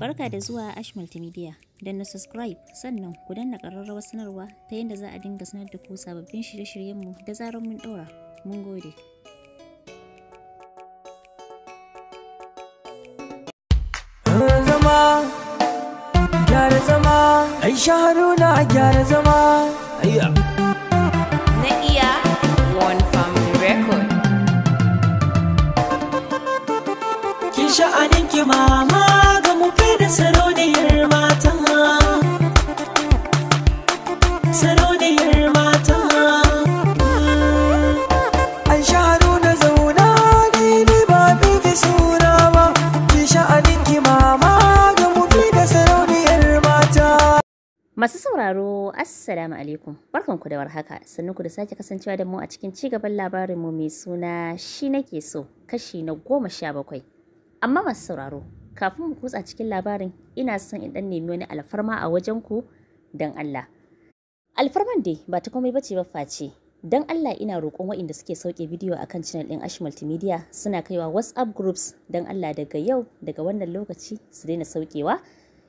Barka da zuwa Ash Multimedia. Don na subscribe sannan ku danna ƙararrawar sanarwa ta yadda za a dinga sanar da ku sababbin shirye-shiryenmu da zarar mun ɗora. Mun gode. gyara zama. Na iya One Family Record. mama. sarauniyar mata sarauniyar mata an sha haruna zauna ni ne ba bi suna ba ki sha'anin ki mama ga mubi da sarauniyar mata masu sauraro assalamu alaikum ku da warhaka sannu ku da sake kasancewa da mu a cikin ci cigaban labarinmu mai suna shi nake so kashi na goma sha bakwai amma masu sauraro kafin mu kutsa cikin labarin ina son in dan nemi wani alfarma a wajen ku dan Allah alfarman dai ba ta komai bace ba face dan Allah ina roƙon waɗanda suke sauke bidiyo akan channel din Ash Multimedia suna kaiwa WhatsApp groups dan Allah daga yau daga wannan lokaci su daina saukewa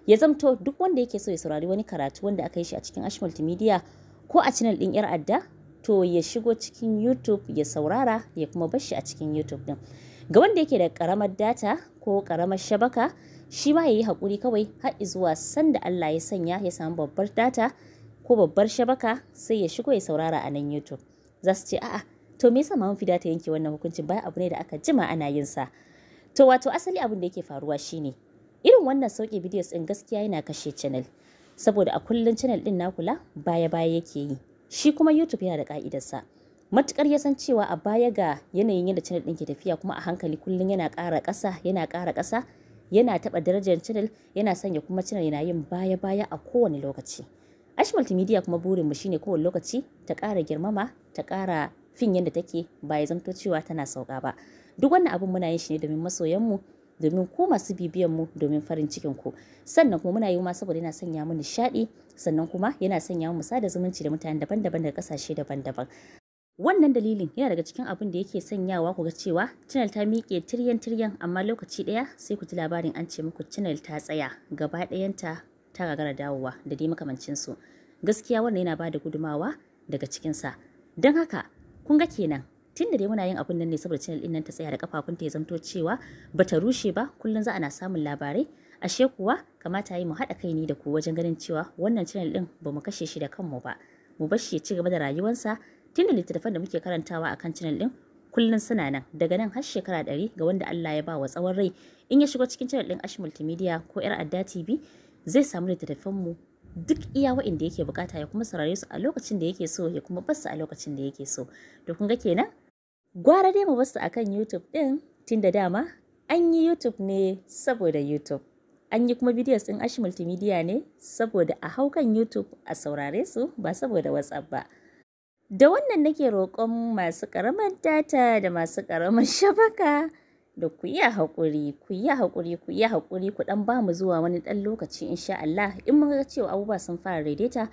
ya zamto duk wanda yake so ya saurari wani karatu wanda aka yi shi a cikin Ash Multimedia ko a channel din yar adda to ya shigo cikin YouTube ya saurara ya kuma bar shi a cikin YouTube din ga wanda yake da karamar data ko karamar shabaka shi ma ya yi haƙuri kawai har zuwa sanda Allah ya sanya ya samu babbar data ko babbar shabaka sai ya shigo ya saurara a nan YouTube za su ce a'a to me yasa mamun fida yanke wannan hukuncin baya abu ne da aka jima ana yin sa to wato asali abin da yake faruwa shine irin wannan sauke videos din gaskiya yana kashe channel saboda a kullun channel din na kula baya baya yake yi shi kuma YouTube yana da ka'idarsa matukar ya san cewa a baya ga yanayin yadda channel ɗin ke tafiya kuma a hankali kullum yana ƙara ƙasa yana ƙara ƙasa yana taɓa darajar channel yana sanya kuma channel yana yin baya baya a kowane lokaci ash multimedia kuma burin mu shine kowane lokaci ta ƙara girmama ta ƙara fin yadda take ba ya zanto cewa tana sauka ba duk wannan abin muna yin shi ne domin masoyan mu domin ku masu bibiyan mu domin farin cikin ku sannan kuma muna yi ma saboda yana sanya mu nishadi sannan kuma yana sanya mu sada zumunci da mutane daban-daban daga kasashe daban-daban Wannan dalilin yana daga cikin abin da yake sanyawa ku ga cewa Channel ta miƙe tiryan-tiryan amma lokaci ɗaya sai ku ji labarin an ce muku Channel ta tsaya gaba ɗayanta ta gagara dawowa da dai su Gaskiya wannan yana ba da gudumawa daga cikin sa Don haka kun ga kenan tun da dai muna yin abun nan ne saboda channel din nan ta tsaya da kafafunta ya zanto cewa bata rushe ba kullum za na samun labarai ashe kuwa kamata yi mu haɗa kai ni da ku wajen ganin cewa wannan channel ɗin ba mu kashe shi da kanmu ba mu bar shi ya ci gaba da rayuwarsa tunda littattafan da muke karantawa a kan channel din kullun suna nan daga nan har shekara ɗari ga wanda Allah ya ba wa tsawon rai in ya shigo cikin channel din Ash Multimedia ko Yar Adda TV zai samu littattafan mu duk iya wa'inda yake bukata ya kuma saurare su a lokacin da yake so ya kuma basu a lokacin da yake so to kun ga kenan gwara dai mu basu akan YouTube din tunda dama an yi YouTube ne saboda YouTube an yi kuma videos din Ash Multimedia ne saboda a haukan YouTube a saurare su ba saboda WhatsApp ba Da wannan nake roƙon masu ƙaramar data da masu ƙaramar shabaka da ku yi haƙuri, ku yi haƙuri, ku yi haƙuri, ku ɗan ba mu zuwa wani ɗan lokaci insha Allah in mun ga cewa abubuwa sun fara daidaita.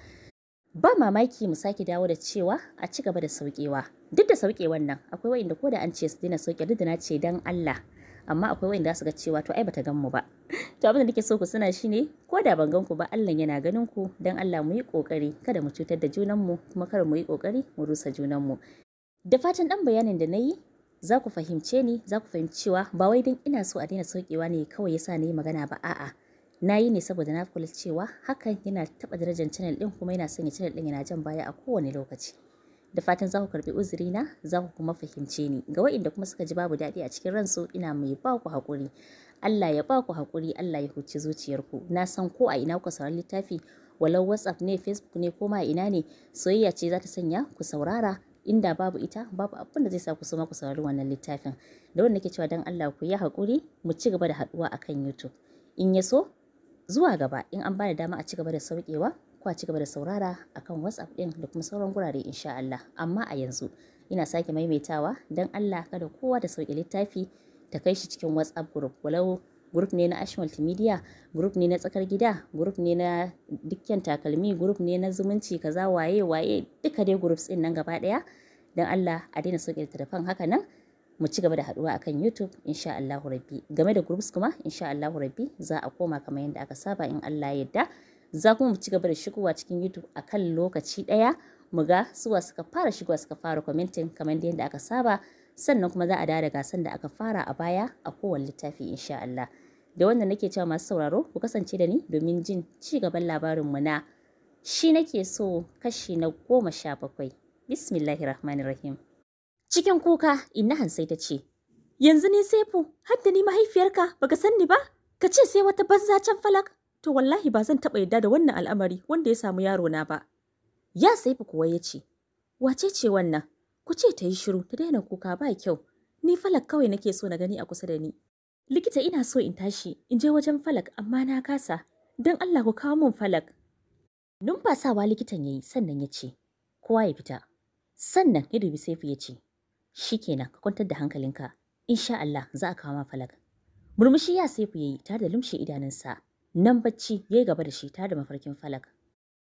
Ba mamaki mu sake dawo da cewa a ci gaba da sauƙewa. Duk da sauƙewan nan akwai wa'inda ko da an ce su daina sauƙe duk da na ce dan Allah. amma akwai wanda su ga cewa to ai bata gan mu ba to abin da nake so ku suna shine ko da ban gan ku ba Allah yana ganin ku dan Allah mu yi kokari kada mu cutar da junan mu kuma kada mu yi kokari mu rusa junan mu da fatan dan bayanin da nayi za ku fahimce ni za ku fahimci cewa ba wai dan ina so a daina saukewa ne kawai yasa na yi magana ba a'a na yi ne saboda na kula cewa hakan yana taɓa darajar channel ɗin kuma yana sanya channel ɗin yana jan baya a kowane lokaci da fatan za ku karbi na za ku kuma fahimce ni ga wa'inda kuma suka ji babu daɗi a cikin ransu ina mai ba ku haƙuri Allah ya ba ku haƙuri Allah ya huce zuciyarku na san ko a ina ku saurari littafi walau WhatsApp ne Facebook ne ko ma ina ne soyayya ce za ta sanya ku saurara inda babu ita babu abin da zai sa ku so ku saurari wannan littafin da wanda nake cewa dan Allah ku yi haƙuri mu ci gaba da haɗuwa akan YouTube in ya so zuwa gaba in an bada dama a ci gaba da saukewa kwa ci gaba da saurara akan WhatsApp din da kuma sauran gurare insha Allah. Amma a yanzu ina sake maimaitawa don Allah kada kowa da sauƙi littafi ta kai shi cikin WhatsApp group walau group ne na Ash Multimedia, group ne na tsakar gida, group ne na dukkan takalmi, group ne na zumunci kaza waye waye duka dai groups ɗin nan gaba daya Don Allah a daina sauƙi littattafan haka nan. mu ci gaba da haduwa akan YouTube insha Allahu Rabbi game da groups kuma insha Allahu Rabbi za a koma kamar yadda aka saba in Allah ya yarda za kuma mu ci gaba da shigowa cikin YouTube a kan lokaci ɗaya mu ga suwa suka fara shigowa suka fara kwamitin, kamar yadda aka saba sannan kuma za a dawo da gasan da aka fara a baya a kowane littafi insha Allah da wannan nake cewa masu sauraro ku kasance da ni domin jin ci gaban labarinmu na shi nake so kashi na goma sha bakwai bismillahi rahim. cikin kuka inna hansai ta ce yanzu ni sefu har da ni mahaifiyarka baka sanni ba ka ce sai wata banza can falak to wallahi ba zan taɓa yadda da wannan al'amari wanda ya samu yaro na ba. Ya saifu kuwa ya ce, wace ce wannan? Ku ce ta yi shiru ta daina kuka ba kyau. Ni falak kawai nake so na gani a kusa da ni. Likita ina so in tashi in je wajen falak amma na kasa. Don Allah ku kawo min falak. Numfasawa likitan ya yi sannan ya ce, kowa ya fita. Sannan ya dubi saifu ya ce, shi kenan ka kwantar da hankalinka. Insha Allah za a kawo ma falak. Murmushi ya saifu ya yi tare da lumshe idanunsa. nan bacci ya yi gaba da shi tare da mafarkin falak.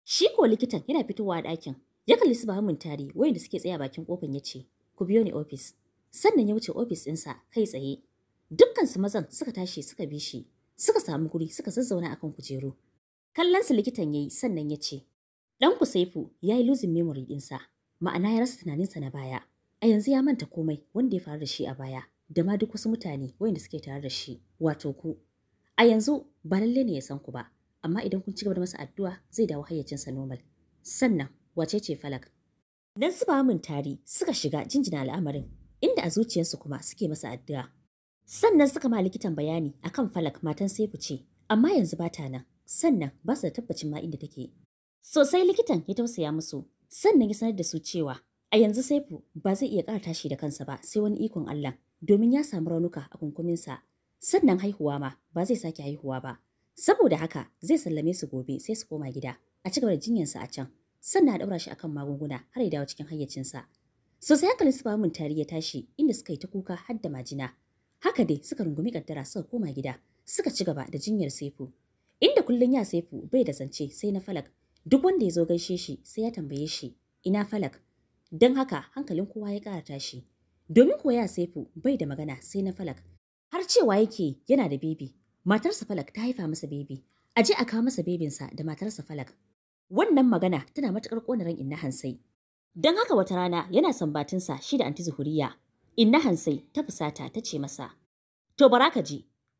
Shi ko likitan yana fitowa a ɗakin, ya kalli su bahamun tare wayanda suke tsaye bakin kofin ya ce, ku biyo ni ofis. Sannan ya wuce ofis ɗinsa kai tsaye. Dukkansu mazan suka tashi suka bi shi, suka samu guri suka zazzauna akan kujeru. Kallon su likitan ya yi sannan ya ce, ɗan ku Saifu ya yi losing memory ɗinsa, ma'ana ya rasa tunaninsa na baya. A yanzu ya manta komai wanda ya faru da shi a baya, da ma duk wasu mutane wayanda suke tare da shi, wato ku. A yanzu ba lalle ne ya san ku ba, amma idan kun ci gaba da masa addu'a zai dawo hayyacinsa normal. Sannan wace ce falak? Nan su ba mun tari suka shiga jinjina al'amarin inda a zuciyarsu kuma suke masa addu'a. Sannan suka ma likitan bayani akan falak matan Saifu ce, amma yanzu ba ta nan, sannan ba su da tabbacin ma inda take. Sosai likitan ya tausaya musu, sannan ya sanar da su cewa a yanzu Saifu ba zai iya ƙara tashi da kansa ba sai wani ikon Allah, domin ya samu raunuka a kunkuminsa sannan haihuwa ma ba zai sake haihuwa ba saboda haka zai sallame su gobe sai su koma gida a ci gaba da jinyarsa a can sannan a daura shi akan magunguna har ya dawo cikin hayyacinsa so sai hankalin su bamun tari ya tashi inda suka yi ta kuka har da majina haka dai suka rungumi kaddara suka koma gida suka ci gaba da jinyar sefu inda kullun ya sefu bai da zance sai na Falak duk wanda ya zo gaishe shi sai ya tambaye shi ina Falak don haka hankalin kowa ya kara tashi domin ya sefu bai da magana sai na Falak har cewa yake yana da bebi matarsa falak ta haifa masa bebi a je a kawo masa bebinsa da matarsa falak wannan magana tana matukar ƙona ran inna hansai don haka wata rana yana sambatinsa shi da anti zuhuriya inna hansai ta fusata ta ce masa to bara ka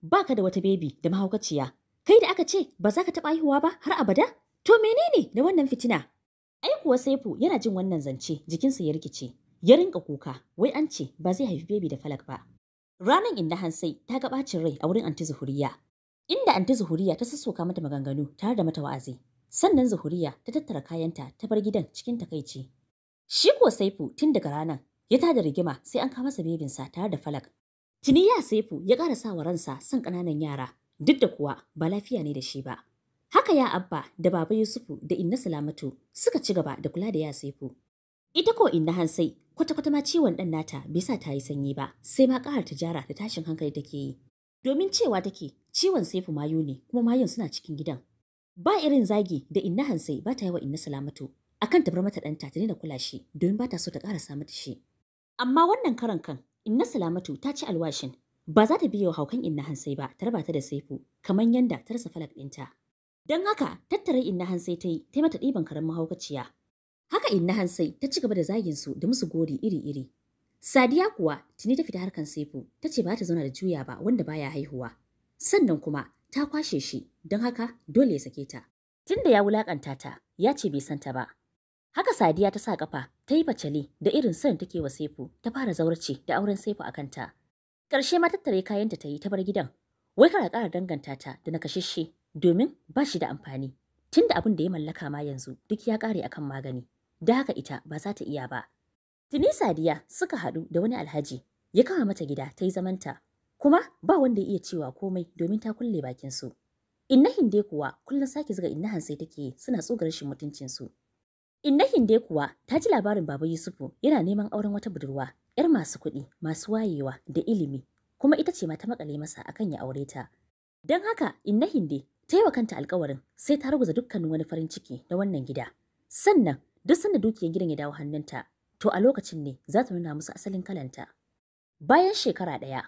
ba ka da wata bebi da mahaukaciya kai da aka ce ba za ka taɓa haihuwa ba har abada to menene da wannan fitina ai kuwa saifu yana jin wannan zance jikinsa ya rikice ya rinka kuka wai an ce ba zai haifi bebi da falak ba Ranar inda Hansai ta ga bacin rai a wurin Anti Zuhuriya, inda Anti Zuhuriya ta sassoka mata maganganu tare da mata wa'azi. Sannan Zuhuriya ta tattara kayanta ta bar gidan cikin takaici. Shi ko Saifu tun daga ranar ya tada rigima sai an kama masa bebinsa tare da Falak. Tuni ya Saifu ya ƙara sa wa ransa son ƙananan yara duk da kuwa ba lafiya ne da shi ba. Haka ya Abba da Baba Yusufu da Inna Salamatu suka ci gaba da kula da ya Saifu. Ita ko inna hansai kwata-kwata ma ciwon ɗan nata bai sa ta yi sanyi ba sai ma ƙahar jara da tashin hankali take yi. Domin cewa take ciwon saifu mayu ne kuma mayun suna cikin gidan. Ba irin zagi da inna hansai ba ta yi wa inna salamatu akan ta bar mata ɗanta ta daina kula shi domin ba ta so ta samu ta shi. Amma wannan karan kan inna salamatu ta ci alwashin ba za ta biyo haukan inna hansai ba ta raba ta da saifu kamar yanda ta rasa falak ɗinta. Don haka tattare inna hansai ta yi ta mata ɗiban karamin mahaukaciya Haka inna hansai ta ci gaba da zagin su da musu gori iri-iri. Sadiya kuwa tuni ta fita harkan Saifu ta ce ba ta zauna da juya ba wanda baya haihuwa. Sannan kuma ta kwashe shi don haka dole ya sake ta. Tunda ya wulakanta ta ya ce bai santa ba. Haka Sadiya ta sa kafa ta yi facale da irin son take wa Saifu ta fara zaurace da auren Saifu a kanta. Ƙarshe ma tattare kayanta ta yi ta bar gidan. Wai kara ƙara danganta ta da na kashashe domin ba shi da amfani. Tunda abin da ya mallaka ma yanzu duk ya ƙare akan magani. da haka ita ba za ta iya ba. Tuni Sadiya suka haɗu da wani alhaji ya kama mata gida ta yi zamanta kuma ba wanda ya iya cewa komai domin ta kulle bakinsu. Inna Hinde kuwa kullum sake zuga inna hansai take suna tsogar shi mutuncinsu. Inna hinde kuwa ta ji labarin Baba Yusufu yana neman auren wata budurwa ‘yar masu kuɗi, masu wayewa da ilimi, kuma ita ce ma ta makale masa akan ya aure ta. Don haka Inna Hinde ta yi wa kanta alkawarin sai ta ruguza dukkanin wani farin ciki na wannan gida. Sannan Duk sanda dukiyar gidan ya dawo hannunta, to a lokacin ne za ta nuna musu asalin kalanta. Bayan shekara ɗaya,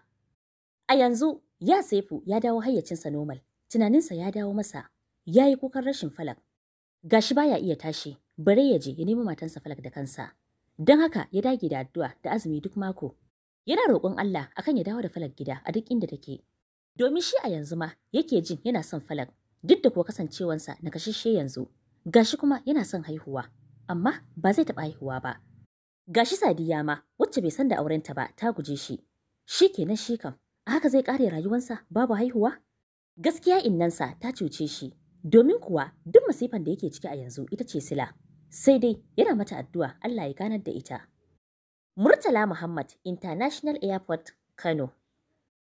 a yanzu ya Saifu ya dawo hayyacinsa nomal. tunaninsa ya dawo masa, ya yi kukan rashin falak. Gashi baya iya tashi, bare ya je ya nemi matansa falak da kansa. Don haka ya dage da addu'a da azumi duk mako. Yana roƙon Allah akan ya dawo da falak gida a duk inda take. Domin shi a yanzu ma yake jin yana son falak, duk da kuwa kasancewansa na kashishe yanzu. Gashi kuma yana son haihuwa. amma ba zai taɓa haihuwa ba. Gashi Sadiya ma wacce bai san da aurenta ba ta guje shi. Shi kenan shi kam, a haka zai ƙare rayuwarsa babu haihuwa? Gaskiya innansa ta cuce shi, domin kuwa duk masifan da yake ciki a yanzu ita ce sila. Sai dai yana mata addu'a Allah ya ganar da ita. Murtala Muhammad International Airport Kano.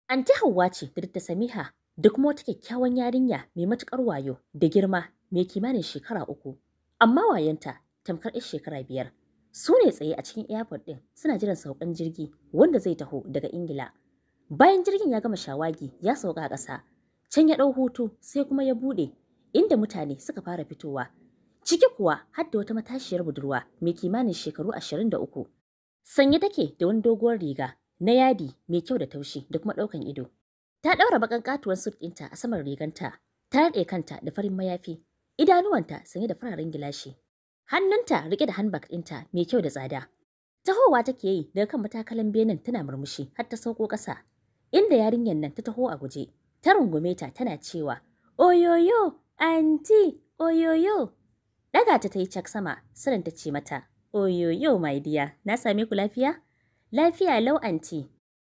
Anti Hauwa ce da Dr. Samiha da kuma wata kyakkyawan yarinya mai matuƙar wayo da girma mai kimanin shekara uku. Amma wayanta tamkar 'yar shekara biyar. Su ne tsaye a cikin airport ɗin suna jiran saukan jirgi wanda zai taho daga Ingila. Bayan jirgin ya gama shawagi ya sauka a ƙasa. Can ya ɗau hutu sai kuma ya buɗe inda mutane suka fara fitowa. Ciki kuwa har da wata matashiyar budurwa mai kimanin shekaru ashirin da uku. Sanye take da wani doguwar riga na yadi mai kyau da taushi da kuma ɗaukan ido. Ta ɗaura baƙan katuwar sut ɗinta a saman riganta, ta riƙe kanta da farin mayafi, idanuwanta sanye da fararen gilashi. Hannunta rike da handbag ɗinta mai kyau da tsada. Tahowa take yi daga kan matakalan benin tana murmushi har ta sauko ƙasa. Inda yarinyar nan ta taho a guje, ta rungume ta tana cewa, Oyoyo, anti, oyoyo. Daga ta ta yi cak sama, sirin ta ce mata, Oyoyo, my dear, na same ku lafiya? Lafiya lau anti.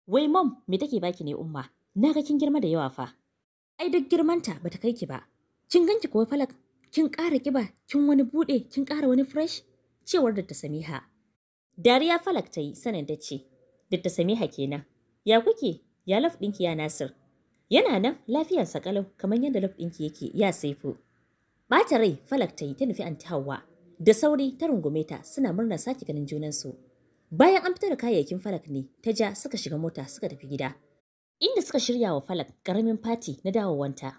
Wai mom, me take baki ne umma? Na ga kin girma da yawa fa. Ai duk girmanta bata kai ki ba. Kin ganki ko falak kin ƙara ƙiba kin wani buɗe kin ƙara wani fresh cewar da ta samiha dariya falak ta yi sanin da ce da samiha kenan ya kuke ya laf ɗinki ya nasir yana nan lafiyarsa kalau kamar yadda laf ɗinki yake ya saifu ɓata rai falak ta yi ta nufi an hauwa da sauri ta rungume ta suna murnar sake ganin junansu bayan an fitar da kayayyakin falak ne ta ja suka shiga mota suka tafi gida inda suka shirya wa falak ƙaramin fati na dawowanta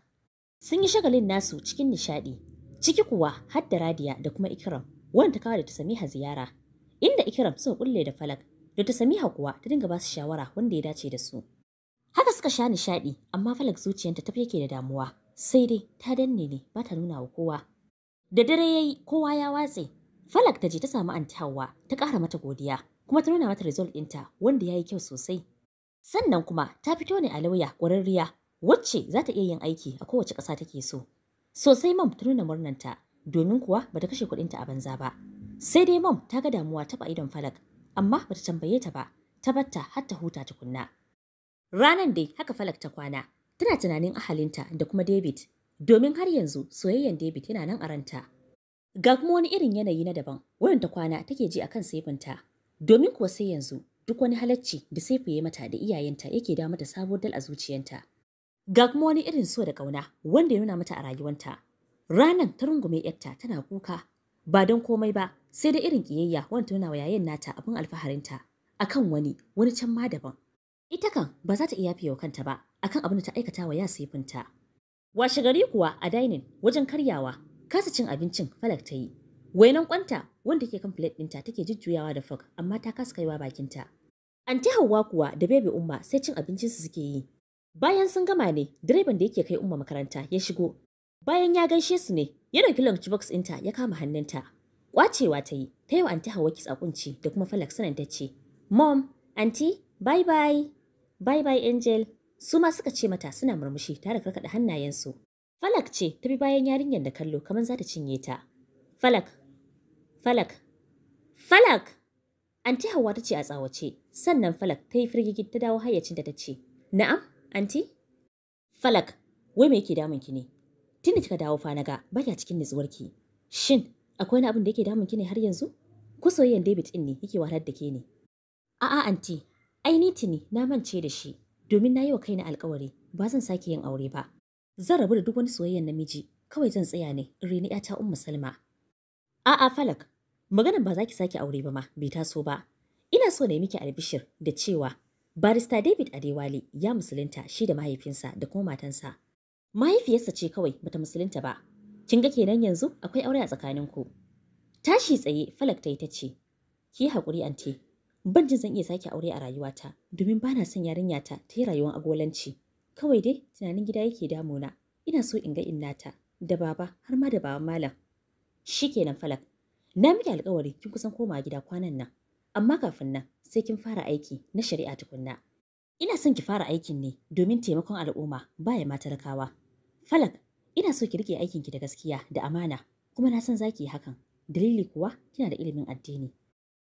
sun yi shagalin nasu cikin nishaɗi Ciki kuwa har Radiya da kuma ikiram, wanda ta kawo da ta Samiha ziyara, inda ikiram suka kulle da Falak, da ta Samiha kuwa ta dinga basu shawara wanda ya dace da su. Haka suka sha nishadi, amma Falak zuciyanta ta yake da damuwa, sai dai ta danne ne ba ta nuna wa kowa. Da dare yayi kowa ya watse, Falak ta je ta samu antawa ta kara mata godiya, kuma ta nuna mata result ɗinta wanda ya yi kyau sosai. Sannan kuma ta fito ne a lauya ƙwararriya wacce za ta iya yin aiki a kowace ƙasa take so. Sosai mom ta nuna murnanta domin kuwa ba ta kashe kuɗinta a banza ba. Sai dai mom ta ga damuwa ta idon falak amma ba ta tambaye ta ba ta batta har ta huta tukunna. Ranan dai haka falak ta kwana tana tunanin ahalinta da kuma David domin har yanzu soyayyen David yana nan a ranta. Ga kuma wani irin yanayi na daban wurin ta kwana take ji a kan saifinta domin kuwa sai yanzu duk wani halacci da sai mata da iyayenta yake da mata sabuwar dal a zuciyanta. Ga kuma wani irin so da ƙauna wanda ya nuna mata a rayuwanta. Ranan ta rungume yarta tana kuka ba don komai ba sai da irin kiyayya wanda nuna wa yayin nata abin alfaharinta akan wani wani can ma daban. Ita kan ba za ta iya fiye kanta ba akan abin da ta aikata wa yasifinta. Washe gari kuwa a dining wajen karyawa kasa cin abincin falak ta yi. Wainan kwanta wanda ke kan plate ɗinta take jujjuyawa da fok amma ta kasa kaiwa bakinta. Anti Hauwa kuwa da bebe Umma sai cin abincin su suke yi Bayan sun gama ne, direban da yake kai Umma makaranta ya shigo. Bayan ya gaishe su ne, ya ɗauki lunch box ɗinta ya kama hannunta. Kwacewa ta yi, ta yi wa anti Hawwa kitsakunci da kuma Falak sanan ta ce, Mom, anti, bye bye, bye bye Angel. Su ma suka ce mata suna murmushi tare karkaɗa hannayensu. Falak ce ta bi bayan yarinyar da kallo kamar za ta cinye ta. Falak, Falak, Falak! Anti Hawwa ta ce a tsawace, sannan Falak ta yi firgigi ta dawo hayyacinta ta ce, Na'am, Anti? Falak, wai me yake damun ki ne? Tunda kika dawo fa naga baya cikin ki. Shin akwai wani abin da yake damun ki ne har yanzu? Ku soyayyen David din ne yake wahalar da ke ne. A'a anti, ai ni tuni na mance da shi domin na yi wa kaina alkawari ba zan sake yin aure ba. Zan rabu da duk wani soyayyen namiji kawai zan tsaya ne in reni ta Ummu Salma. A'a Falak, maganar ba za ki sake aure ba ma bai taso ba. Ina so na yi miki albishir da cewa Barista David Adewale ya musulunta shi da mahaifinsa da kuma matansa. Mahaifiyarsa ce kawai bata musulunta ba. Kin ga kenan yanzu akwai aure a tsakaninku. Tashi tsaye Falak ta yi ta ce, Ki hakuri ante, ban jin zan iya sake aure a rayuwata domin bana son yarinya ta ta yi rayuwar agolanci. Kawai dai tunanin gida yake damuna, ina so in ga innata da baba har ma da baban malam. kenan Falak, na miki alƙawari kin kusan komawa gida kwanan nan. amma kafin nan sai kin fara aiki na shari'a tukunna. Ina son ki fara aikin ne domin taimakon al'umma baya ma talakawa. Falak, ina so ki rike aikinki da gaskiya da amana kuma na san za ki yi hakan. Dalili kuwa kina da ilimin addini.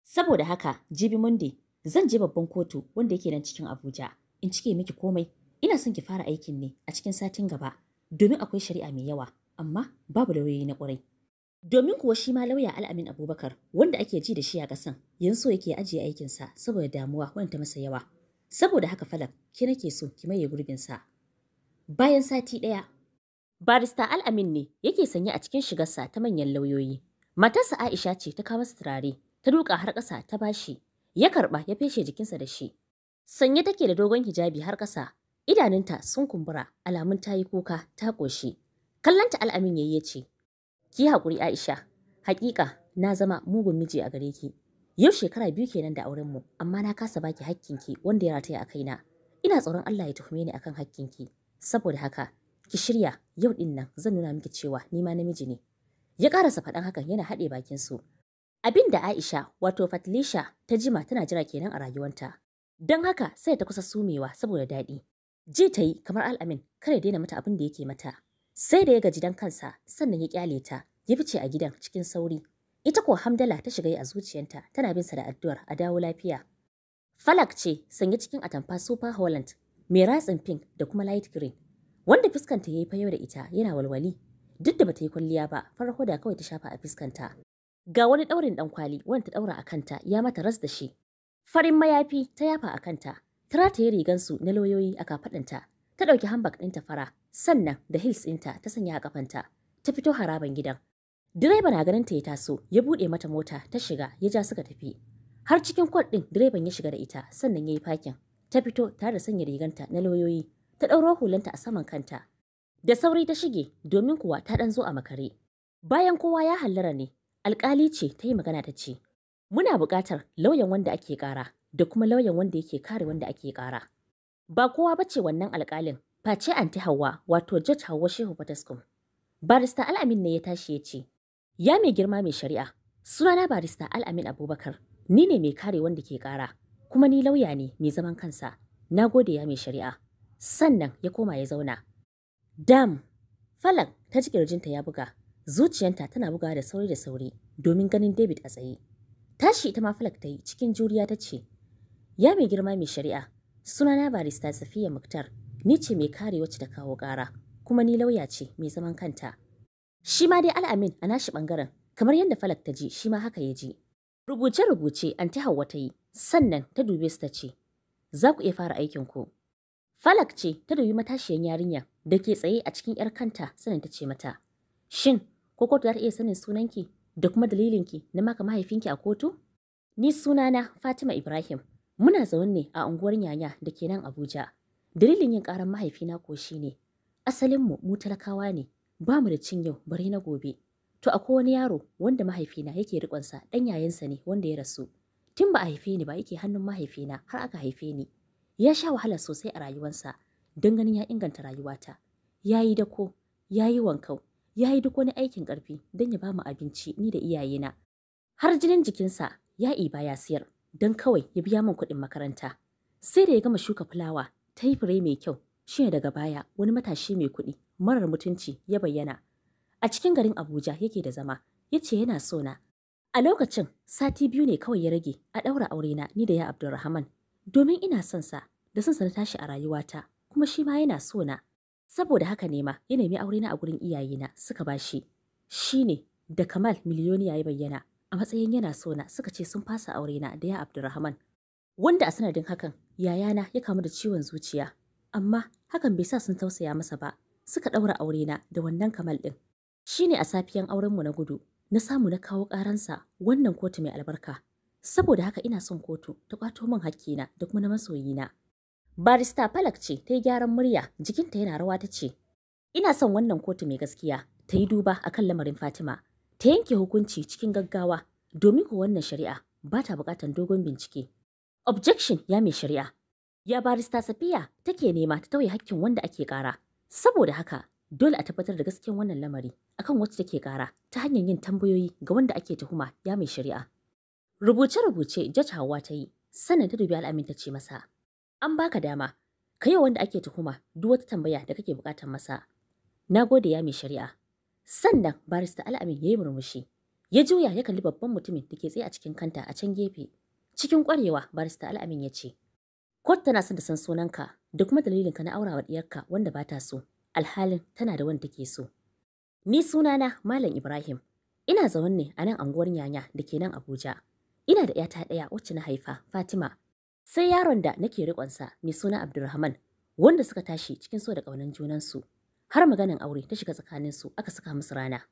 Saboda haka, jibi Monday zan je babban kotu wanda yake nan cikin Abuja. In cike miki komai, ina son ki fara aikin ne a cikin satin gaba domin akwai shari'a mai yawa amma babu lauyoyi na ƙwarai. Domin kuwa shi ma lauya Al'amin Abubakar wanda ake ji da shi a ƙasan yanzu yake ajiye aikinsa saboda damuwa wanda ta masa yawa. Saboda haka falak ki nake so ki maye gurbinsa. Bayan sati ɗaya, barista Al'amin ne yake sanye a cikin shigarsa ta manyan lauyoyi. Matarsa Aisha ce ta kawo masa turare, ta duka har ƙasa ta bashi, ya karɓa ya feshe jikinsa da shi. Sanye take da dogon hijabi har ƙasa, idanunta sun kumbura, alamun ta yi kuka, ta ƙoshi. Kallanta Al'amin yayi ce, Ki haƙuri Aisha, haƙiƙa na zama mugun miji a gare ki. Yau shekara biyu kenan da auren mu, amma na kasa baki ki wanda ya rataya a kaina. Ina tsoron Allah ya tuhume ni akan ki. Saboda haka, ki shirya yau din nan zan nuna miki cewa ni ma namiji ne. Ya karasa faɗan hakan yana haɗe bakin su. Abin da Aisha wato Fatlisha ta jima tana jira kenan a rayuwarta. Don haka sai ta kusa sumewa saboda daɗi. Ji ta yi kamar al'amin kar ya daina mata abin da yake mata. Sai da ya gaji dan kansa sannan ya kyale ta ya fice a gidan cikin sauri. Ita ko hamdala ta shiga a zuciyanta tana bin sa da addu'ar a dawo lafiya. Falak ce sanye cikin atamfa Super Holland mai ratsin pink da kuma light green wanda fuskanta ya yi fayo da ita yana walwali duk da bata yi kwalliya ba farar hoda kawai ta shafa a fuskanta. Ga wani ɗaurin ɗan kwali wanda ta ɗaura a kanta ya mata ras da shi. Farin mayafi ta yafa a kanta, ta rataye rigansu na loyoyi a kafaɗanta, ta ɗauki hambak ɗinta fara, sannan da Hills ɗinta ta sanya a kafanta ta fito haraban gidan direba na ganin ta ya taso ya buɗe mata mota ta shiga ya ja suka tafi har cikin kwad ɗin direban ya shiga da ita sannan ya yi fakin ta fito tare da sanya riganta na lauyoyi ta ɗauro hulanta a saman kanta da sauri ta shige domin kuwa ta ɗan zo a makare bayan kowa ya hallara ne alƙali ce ta yi magana ta ce muna buƙatar lauyan wanda ake ƙara da kuma lauyan wanda yake kare wanda ake ƙara ba kowa bace wannan alƙalin Face anti Hauwa wato Judge Hauwa Shehu Fataskum. Barista Al'amin ne ya tashi ya ce, Ya mai girma mai shari'a, sunana barista Al'amin Abubakar, ni ne mai kare wanda ke kara kuma ni lauya ne mai zaman kansa, na gode ya mai shari'a. Sannan ya koma ya zauna. Dam, Falak ta ji kirjinta ya buga, zuciyanta tana bugawa da sauri da sauri domin ganin David a tsaye. Tashi ita ma Falak ta yi cikin juriya ta ce, Ya mai girma mai shari'a, sunana barista Safiya Muktar, Ni ce mai kare wacce ta kawo ƙara, kuma ni lauya ce mai zaman kanta. Shi ma dai al'amin a nashi ɓangaren, kamar yadda falak ta ji shi ma haka ya ji. Rubuce-rubuce an ta hawa ta yi, sannan ta dube su ta ce, Za ku iya fara aikin ku. Falak ce ta dubi matashiyan yarinya da ke tsaye a cikin 'yar kanta sannan ta ce mata, Shin, ko kotu za ta iya sanin sunanki da kuma dalilinki na maka mahaifinki a kotu? Ni sunana Fatima Ibrahim, muna zaune ne a unguwar Yanya da ke nan Abuja. Dalilin yin ƙaran mahaifina ko shi ne, asalinmu mu talakawa ne, ba mu da cin yau bari na gobe. To akwai wani yaro wanda mahaifina yake rikonsa, ɗan yayansa ne wanda ya rasu. Tun ba a haife ni ba yake hannun mahaifina har aka haife ni. Ya sha wahala sosai a rayuwarsa don ganin ya inganta rayuwata. Ya yi dako, ya yi wankau, ya yi duk wani aikin ƙarfi don ya ba mu abinci ni da iyayena. Har jinin jikinsa ya iba ya siyar don kawai ya biya min kuɗin makaranta. Sai da ya gama shuka fulawa ta yi fure mai kyau shi ne daga baya wani matashi mai kuɗi marar mutunci ya bayyana a cikin garin abuja yake da zama ya ce yana so na. a lokacin sati biyu ne kawai ya rage a ɗaura aurena ni da ya abdulrahman domin ina son sa da son sa na tashi a rayuwata kuma shi ma yana so na. saboda haka ne ma ya nemi aurena a gurin na suka ba shi Shi ne da kamal miliyoniya ya bayyana a matsayin yana so na suka ce sun fasa aurena da ya abdulrahman wanda a sanadin hakan yayana ya kamu da ciwon zuciya amma hakan bai sa sun tausaya masa ba suka ɗaura na da wannan kamal ɗin ne a safiyan auren mu na gudu na samu na kawo ƙaransa wannan kotu mai albarka saboda haka ina son kotu ta kwato min hakkina da kuma na masoyina barista falak ce ta yi gyaran murya jikinta yana rawa ta ce ina son wannan kotu mai gaskiya ta yi duba a kan lamarin fatima ta yanke hukunci cikin gaggawa domin ko wannan shari'a ba ta buƙatar dogon bincike Objection ya mai shari'a. Ya barista Safiya take nema ta tauye hakkin wanda ake kara. Saboda haka, dole a tabbatar da gaskiyar wannan lamari akan wacce take kara ta hanyar yin tambayoyi ga wanda ake tuhuma ya mai shari'a. Rubuce-rubuce Jaj Hawwa ta yi, sannan ta dubi al'amin ta ce masa, An baka dama, ka yi wanda ake tuhuma duk wata tambaya da kake bukatar masa. Na gode ya mai shari'a. Sannan barista al'amin ya yi murmushi, ya juya ya kalli babban mutumin da ke tsaye a cikin kanta a can gefe. Cikin ƙwarewa, barista Al'amin ya ce, Kot tana son da san sunanka da kuma dalilinka na aurawa ɗiyarka wanda ba ta so, alhalin tana da wanda take so. Ni sunana Malam Ibrahim, ina zaune ne a nan anguwar Yanya da ke nan Abuja. Ina da ‘yata ɗaya wacce na haifa, Fatima. Sai yaron da nake riƙonsa mai suna Abdulrahman, wanda suka tashi cikin so da ƙaunan junansu. Har maganan aure ta shiga tsakaninsu aka saka musu rana.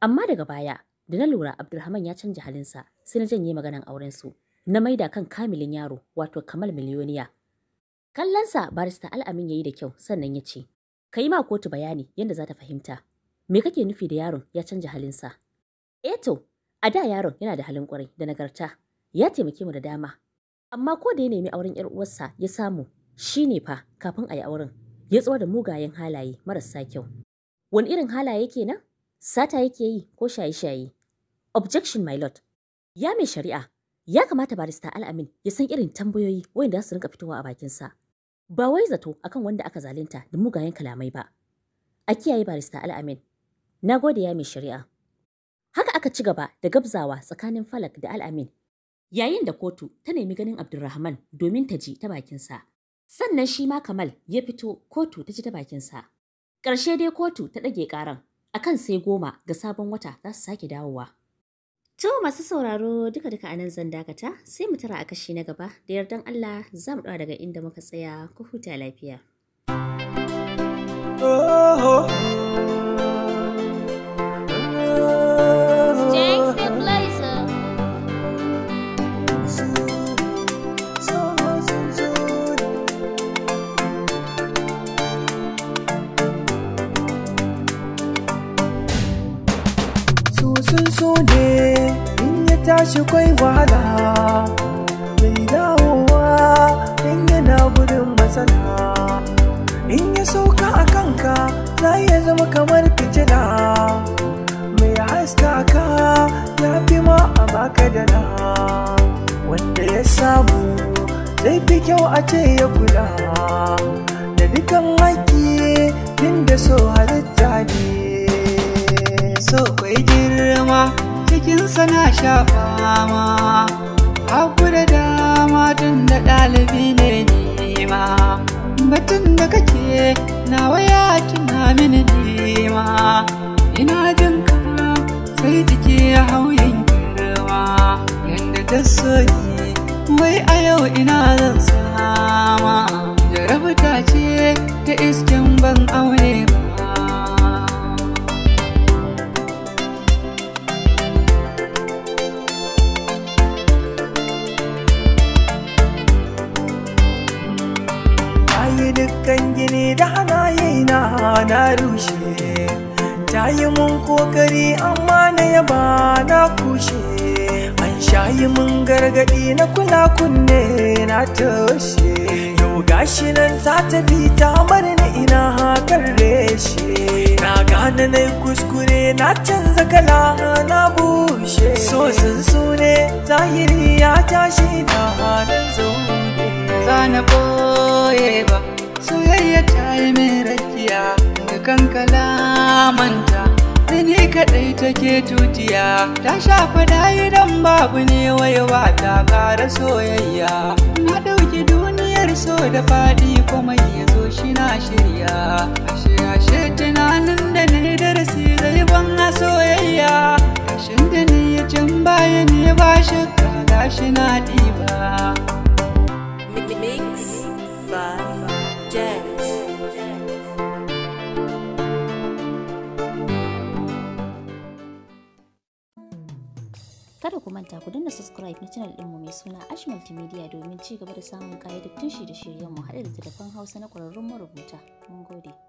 Amma daga baya, da na lura Abdulrahman ya canja halinsa, sai na janye maganan aurensu. na maida kan kamilin yaro wato kamal miliyoniya. Kallonsa barista al'amin ya yi da kyau sannan ya ce, Ka yi ma kotu bayani yadda za ta fahimta. Me kake nufi da yaron ya canja halinsa? Eto, eh a da yaron yana da halin kwarai da nagarta, ya taimake mu da dama. Amma ko da ya nemi auren 'yar uwarsa ya samu, shi ne fa kafin a yi auren, ya tsuwa da mugayen halaye marasa kyau. Wani irin halaye kenan? Sata yake yi ko shaye-shaye? Objection my lord. Ya mai shari'a, Ya kamata barista Al'amin ya san irin tambayoyi wanda za su rinka fitowa a bakinsa. Ba wai zato akan wanda aka zalunta da mugayen kalamai ba. A kiyaye barista Al'amin. Na gode ya mai shari'a. Haka aka ci gaba da gabzawa tsakanin Falak da Al'amin. Yayin da kotu ta nemi ganin Abdulrahman domin ta ji ta bakinsa. Sannan shi ma Kamal ya fito kotu ta ji ta bakinsa. Ƙarshe dai kotu ta ɗage ƙaran akan sai goma ga sabon wata za su sake dawowa. To masu sauraro duka duka anan zan dakata sai mu tara a kashi na gaba da yardan Allah za mu daga inda muka tsaya ku huta lafiya. sun so ne in ya tashi kwai wahala mai dawowa in yana gudun matsala in ya sauka a kanka za ya zama kamar fitila mai haska ka ya fi ma a baka da na wanda ya samu zai fi kyau a ce ya kula da dukan haƙi inda da so halitta ne so kai girma cikin sana sha fama haku da dama tun da ɗalibi ne nema batun da kake nawa ya tuna mini nema ina jin kama sai jiki ya hauyin girma yadda ta soki wai a yau ina zan sama jarabta ce ta iskin ban aure na rushe ta yi mun kokari amma na yaba na kushe an shayi mun gargadi na kula kunne na toshe yau gashi nan ta tafi ta bar na ina hakan reshe na gane na kuskure na canza kala na bushe so sun sune zahiri ya tashi da hannun zaune za na boye ba soyayya ta yi mai rakiya kankala manta ne kadai take tutiya ta shafa dayi dan babu ne waiwa ta kara soyayya na dauki duniyar so da fadi kuma yazo shi na shirya ashe ashe tunanin da ne darasi zai ban a soyayya ashin da ne ya can baya ne ba shakka gashi na ɗiba Kada ku manta ku danna subscribe na channel ɗinmu mai suna Ash Multimedia domin ci gaba da samun kayyadattun shi da mu haɗe da telefon Hausa na ƙwararrun marubuta. Mun gode.